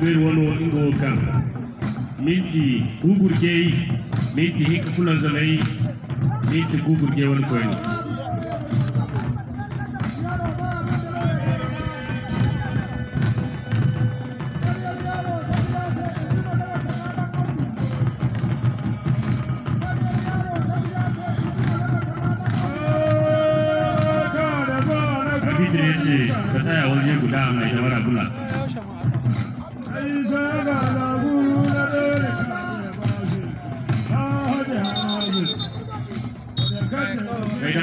ɓeyri wono ingo o kam miɗɗi gugur jeeyi miɗɗi hikka fulansa nayi miɗɗi gugur jeeyi woni koyno ce ka tsaya waje guda mai shawara kula kai da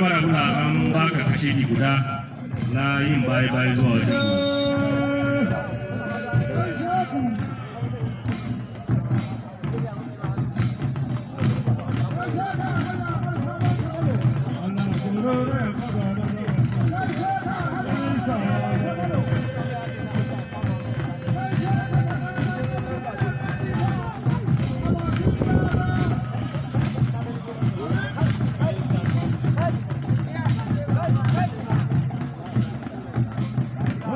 mara guna an baka kashe ki guda na yin bayi bayi zuwa wajen Thank you.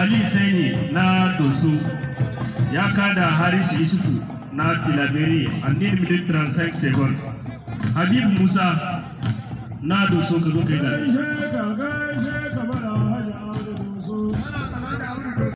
ali saini na doso ya kada haris isufu na tilaberi a near minute 35 habib musa na doso ka zo kai zaɓe